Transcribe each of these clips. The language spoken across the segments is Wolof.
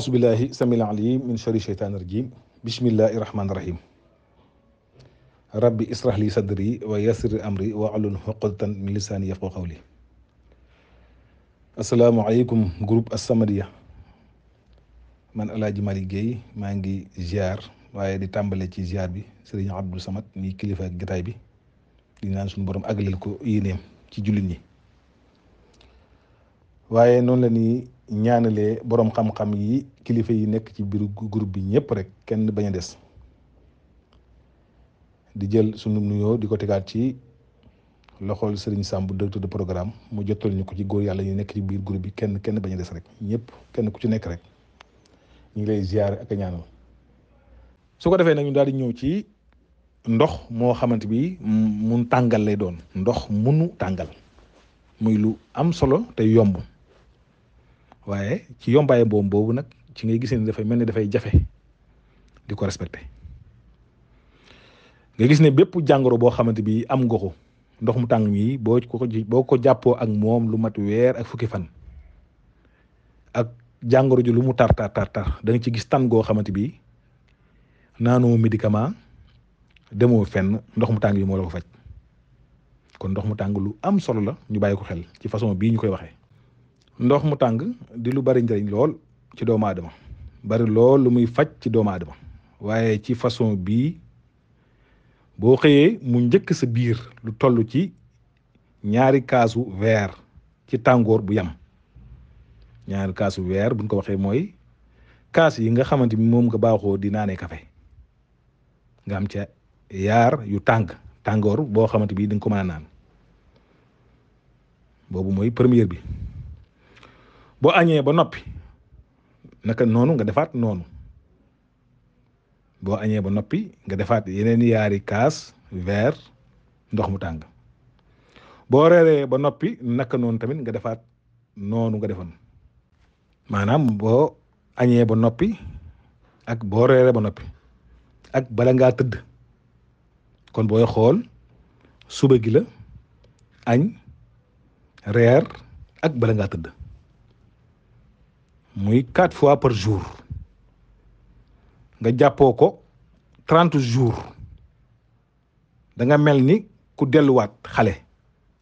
أعوذ بالله السميع العليم من شر الشيطان الرجيم بسم الله الرحمن الرحيم ربي اشرح لي صدري ويسر أمري واحلل عقدة من لساني يفقهوا قولي asalaamaaleykum groupe As-Samadiyya man El Hadj Malick Guèye maa ngi ziar waaye di tàmbale ci ziar bi sëriñ Abdou Samad ni kilifa ak jotaay bi di naan suñu borom àggaleel ko yéeneem ci jullit ñi waaye noonu la ni ñaanalee boroom xam-xam yi kilifa yi nekk ci biir group bi ñëpp rek kenn bañ a des di jël sunu nuyoo di ko tegaat ci loxol Serigne Samb directeur de programme mu jotal ñu ko ci góor yàlla yi nekk ci biir groupe bi kenn kenn bañ des rek ñëpp kenn ku ci nekk rek ñu ngi lay ziar ak ñaanal su ko defee nag ñu daal di ñëw ci ndox moo xamante bi mun tàngal lay doon ndox munu tàngal muy lu am solo te yomb. waaye ci yombaayu mboom boobu nag ci ngay gis ne dafay mel ni dafay jafe di ko respecté nga gis ne bépp jàngoro boo xamante bi am nga ndox mu tàng mi boo ko boo ko jàppoo ak moom lu mat weer ak fukki fan ak jàngoro ji lu mu tar tar tar tar ci gis tàn goo xamante bi naanoo médicament demoo fenn ndox mu tàng yi moo la faj kon mu tàng lu am solo la ñu bàyyi ko xel ci façon bii ñu koy waxee. ndox mu tàng di lu bari njëriñ lool ci doomu aadama bari lool lu muy faj ci doomu aadama waaye ci façon bii boo xëyee mu njëkk sa biir lu toll ci ñaari kaasu weer ci tàngoor bu yam ñaari kaasu verre buñ ko waxee mooy kaas yi nga xamante ni moom nga baaxoo di naanee kafe nga am ca yaar yu tàng tàngoor boo xamante bi di nga ko mën a naan boobu mooy première bi boo añee ba noppi naka noonu nga defaat noonu boo añee ba noppi nga defaat yeneen yaari kaas verre ndox mu tàng boo reeree ba noppi naka noonu tamit nga defaat noonu nga defoon maanaam boo añee ba noppi ak boo reeree ba noppi ak bala ngaa tëdd kon booy xool suba gi la añ reer ak bala ngaa tëdd muy quatre fois par jour nga jàppoo ko trente jours danga mel ni ku delluwaat xale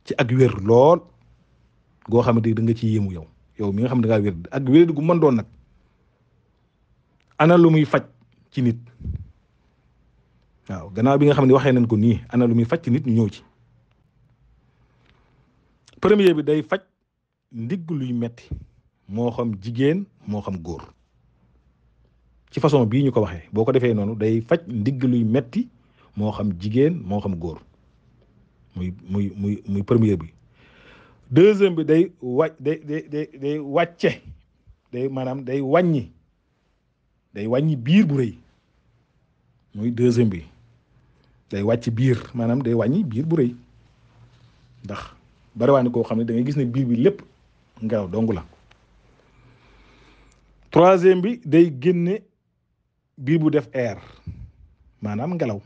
ci ak wér lool goo xamante ni da ci yéemu yow yow mi nga xam ne da ngaa wér ak wér gu mën doon nag ana lu muy faj ci nit waaw gannaaw bi nga xam ne waxee nañ ko nii ana lu muy faj ci nit ñëw ci premier bi day faj ndigg luy metti moo xam jigéen moo xam góor ci façon bii ñu ko waxee boo ko defee noonu day faj ndigg luy metti moo xam jigéen moo xam góor muy muy muy muy premier bi deuxième bi day wàcc day wàcce day maanaam day wàññi day wàññi biir bu rëy muy deuxième bi day wàcc biir maanaam day wàññi biir bu rëy ndax bariwaane koo xam ne da gis ne biir bi lépp ngelaw dong la troisième bi day génne biir bu def air maanaam ngelaw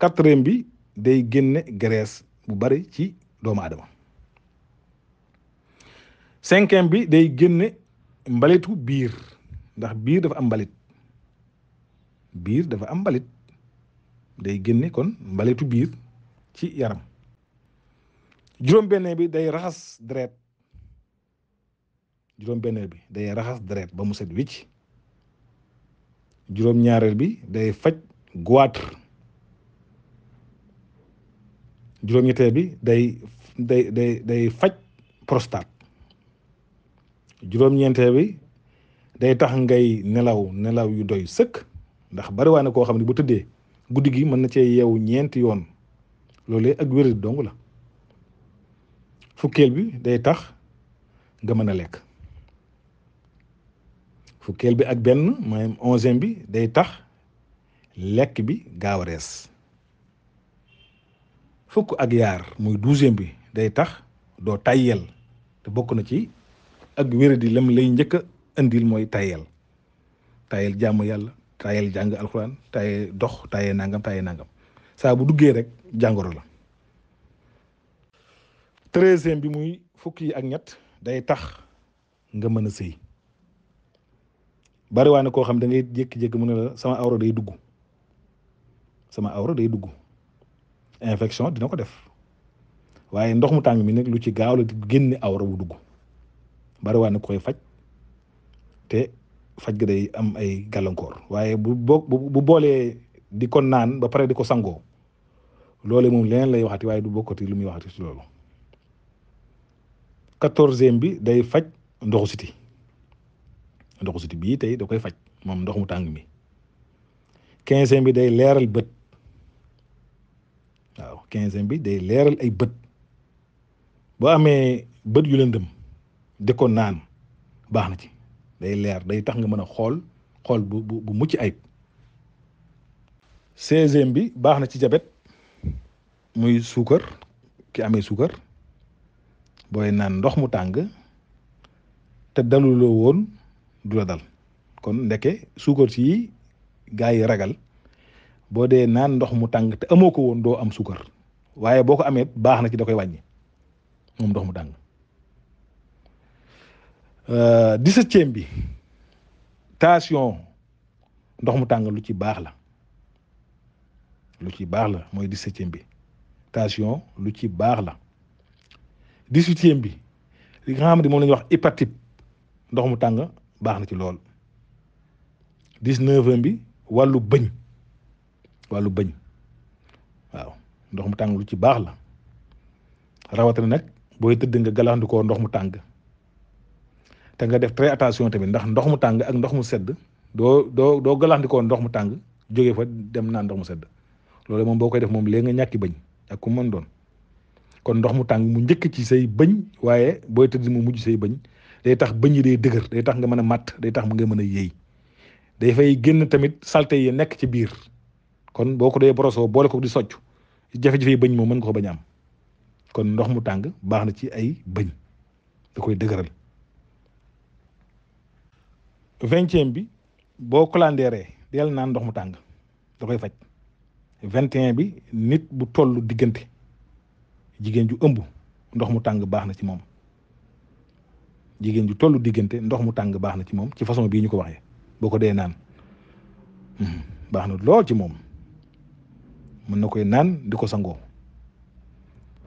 quatrième bi day génne graisse bu bari ci doomu aadama cinquième bi day génne mbalitu biir ndax biir dafa am mbalit biir dafa am mbalit day génne kon mbalitu biir ci yaram juróom-benn bi day raxas deret juróom-benneel bi day raxas deret ba mu set wicc juróom-ñaareel bi day faj goitre juróom-ñetteel bi day day day day faj prostate juróom-ñeenteel bi day tax ngay nelaw nelaw yu doy sëkk ndax bari waa ne koo xam ne bu tëddee guddi gi mën na cee yeewu ñeenti yoon loolee ak wér dong la fukkeel bi day tax nga mën a lekk fukkeel bi ak benn maanaam bi day tax lekk bi gaaw a rees fukk ak yaar muy douzième bi day tax doo tayyel te bokk na ci ak wéradi lam lay njëkk a indil mooy tayyel tayyel jàmm yàlla tayyel jàng alxuraan tayyel dox tayyel nangam tayyel nangam saa bu duggee rek jàngoro la treizième bi muy fukk yi ak ñett day tax nga mën a sëy bariwaa na koo xam da ngay jékki-jékki mu ne la sama awra day dugg sama awra day dugg infection dina ko def waaye ndox mu tàng mi nag lu ci gaaw la di génne awra bu dugg bariwaa na koy faj te faj ga day am ay gàllankoor waaye bu boo bu boolee di ko naan ba pare di ko sangoo loole moom leneen lay waxati waaye du bokkati lu muy waxati ci loolu quatorzième bi day faj ndoxu siti ndoxu siti bii tey da koy faj moom ndox mu tàng mi quinzième bi day leeral bët waaw quinzième bi day leeral ay bët boo amee bët yu lëndëm di ko naan baax na ci day leer day tax nga mën a xool xool bu bu bu mucc ayib seizième bi baax na ci jabet muy suukar ki amee suukar booy naan ndox mu tàng te daluloo woon du la dal kon ndeke suukar si gaa yi ragal boo dee naan ndox mu tàng te amoo ko woon doo am suukar waaye boo ko amee baax na ci da koy wàññi moom ndox mu tàng euh, dix-septième bi tension ndox mu tàng lu ci baax la lu ci baax la mooy dix bi tension lu ci baax la dix bi li nga moom la wax hépatite ndox mu tàng baax na ci lool dix-neuvième bi wàllu bëñ wàllu bëñ waaw ndox mu tàng lu ci baax la rawatina nag booy tëdd nga galaxandikoo ndox mu tàng te nga def très attention tamit ndax ndox mu tàng ak ndox mu sedd doo doo doo galaxandikoo ndox mu tàng jóge fa dem naan ndox mu sedd loolu moom boo koy def moom léegi nga ñàkki bëñ ak ku mën doon kon ndox mu tàng mu njëkk ci say bëñ waaye booy tëdd mu mujj say bëñ day tax bëñ yi day dëgër day tax nga mën a matt day tax mu nga mën a yéey day fay génn tamit salte yi nekk ci biir kon boo ko dee borosoo boole ko di socc jafe-jafe bëñ moom mën ko ko bañ kon ndox mu tàng baax na ci ay bëñ da koy dëgëral vingtième bi boo colandeeree del naan ndox mu tàng da koy faj vingt et bi nit bu toll diggante jigéen ju ëmb ndox mu tàng baax na ci moom jigéen ju tollu diggante ndox mu tàng baax na ci moom ci façon bii ñu ko waxee boo ko dee naan hmm. baax na lool ci moom mën na koy naan di ko sangoo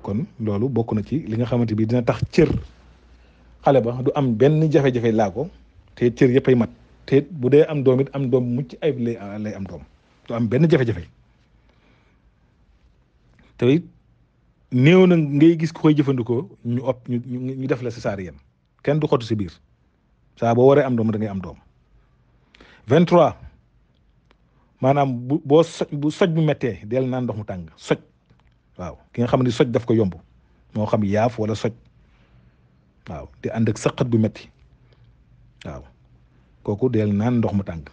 kon loolu bokk na ci li nga xamante bi dina tax cër xale ba du am benn jafe-jafe laa ko te cër yëpp ay mat te bu dee am doom am doom mucc ayib lay am doom du am benn jafe te it néew na ngay gis ku koy jëfandikoo ñu op ñu def la césarienne kenn du xottu si biir saa boo waree am doom da am doom 23 maanaam bu boo soj bu soj bu méttee del naan ndox mu tàng soj waaw ki nga xam ne soj daf ko yomb moo xam yaaf wala soj waaw te ànd ak saqat bu métti waaw kooku del naan ndox mu tàng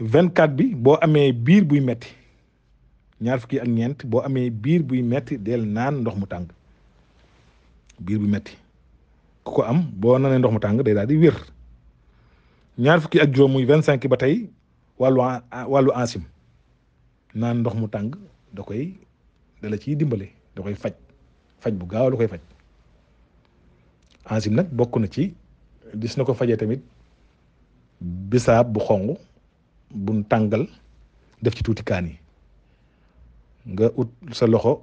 24 bi boo amee biir buy metti ñaar fukki ak ñeent boo amee biir buy metti del naan ndox mu tàng biir bu metti ku ko am boo nanee ndox mu tàng day daal di wér ñaar fukki ak juróom muy vingt cinq ba tey wàllu wàllu ansim naan ndox mu tàng da koy dala ciy dimbale da koy faj faj bu gaaw la koy faj ansim nag bokk na ci gis na ko fajee tamit bisaab bu xong buñ tàngal def ci tuuti kaan nga ut sa loxo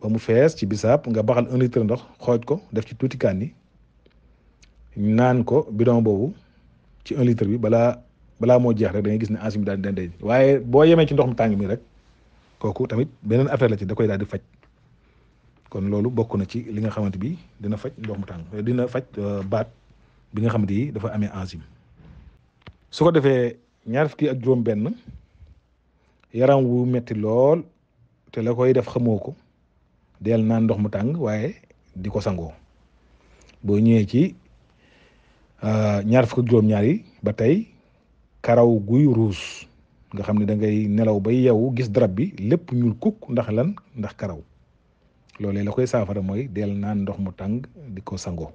ba mu fees ci bisaab nga baxal un litre ndox xooj ko def ci tuuti kànni naan ko bidon boobu ci un litre bi balaa balaa moo jeex rek da gis ne enzyme daal di waaye boo yemee ci ndox mu tàng mi rek kooku tamit beneen affaire la ci da koy daal di faj kon loolu bokk na ci li nga xamante bi dina faj ndox mu tàng dina faj euh, baat bi nga xamante yi dafa amee enzyme su ko defee ñaar fukki ak juróom benn yaram wu metti lool te la koy def xamoo ko del naan ndox mu tàng waaye di ko sangoo boo ñëwee ci euh, ñaar fukk ak juróom-ñaar yi ba tey karaw guy ruus nga xam ne dangay nelaw ba yow gis darab bi lépp ñuul kukk ndax lan ndax karaw loolee la koy saafara mooy del naan ndox mu tàng di ko sangoo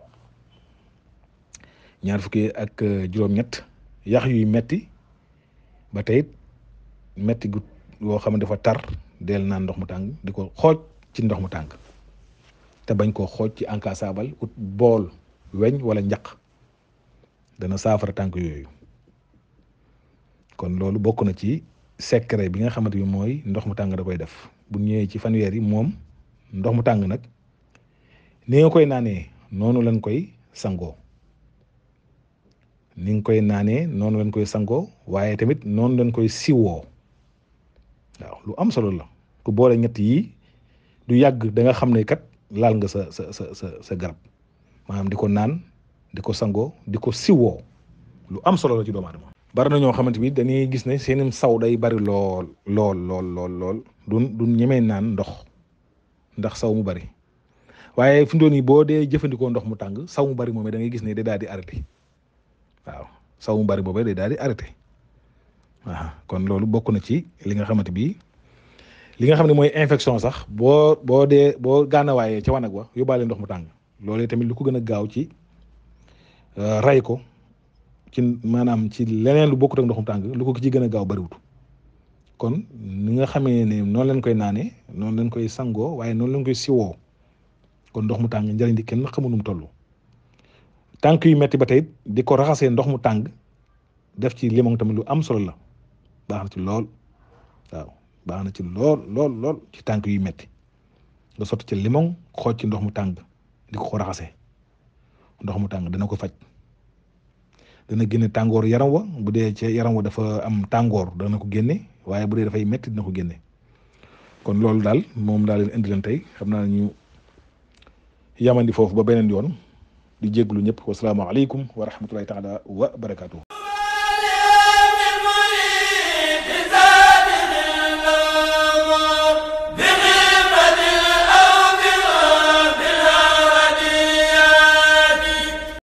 ñaar fukki ak euh, juróom-ñett yax yuy metti ba tey metti gu woo xam dafa tar del naan ndox mu tàng di ko xooj ci ndox mu tàng te bañ koo xooj ci encassable ut bool weñ walla njaq dana saafara tànk yooyu kon loolu bokk na ci secret bi nga xamante bi mooy ndox mu tàng da def bu ñëwee ci fanweer yi moom ndox mu tàng nag ni nga koy naanee noonu lañ koy sangoo ni nga koy naanee noonu lañ koy sangoo waaye tamit noonu lañ koy siwoo waaw lu am solo la ku boole ñett yi du yàgg danga xam ne kat laal nga sa sa sa sa sa garab maanaam di ko naan di ko sangoo di ko siwoo lu am solo la ci doomu aadama bari na ñoo xamante bi dañuy gis ne seenim saw day bari lool lool lool lool lool du du ñemee naan ndox ndax saw mu bari waaye fi mu doon nii boo dee jëfandikoo ndox mu tàng saw mu bari moom da ngay gis ne de daal di arrêté waaw saw mu bari boobee day daal di arrêté waaw kon loolu bokk ci li nga bi li nga xam ne mooy infection sax boo boo dee boo gànnawaayee ca wanag wa yóbbaale ndox mu tàng loolee tamit lu ko gën a gaaw ci euh, ray ko ci maanaam ci leneen lu bokkut ak ndoxum tàng lu ko ci gën a gaaw bariwut kon nu nga xamee ne noonu leen koy naanee noonu leen koy sangoo waaye noonu leen koy siwoo kon ndox mu tàng njëriñ di kenn xamu nu mu toll yu metti ba tey di ko raxasee ndox mu tàng def ci limon tamit lu am solo la baax na ci lool waaw baax na ci lool lool lool ci tànk yu metti nga sot ci limon xooj ci ndox mu tàng di ko raxase ndox mu tàng dana ko faj dana génne tàngoor yaram wa bu dee ci yaram wa dafa am tàngoor dana ko génne waaye bu dee dafay metti dina ko génne kon loolu daal moom daal leen indi leen tey xam naa ñu yamandi foofu ba beneen yoon di jégglu ñëpp wasalaamaaleykum wa rahmatulahi taala wa barakaatu.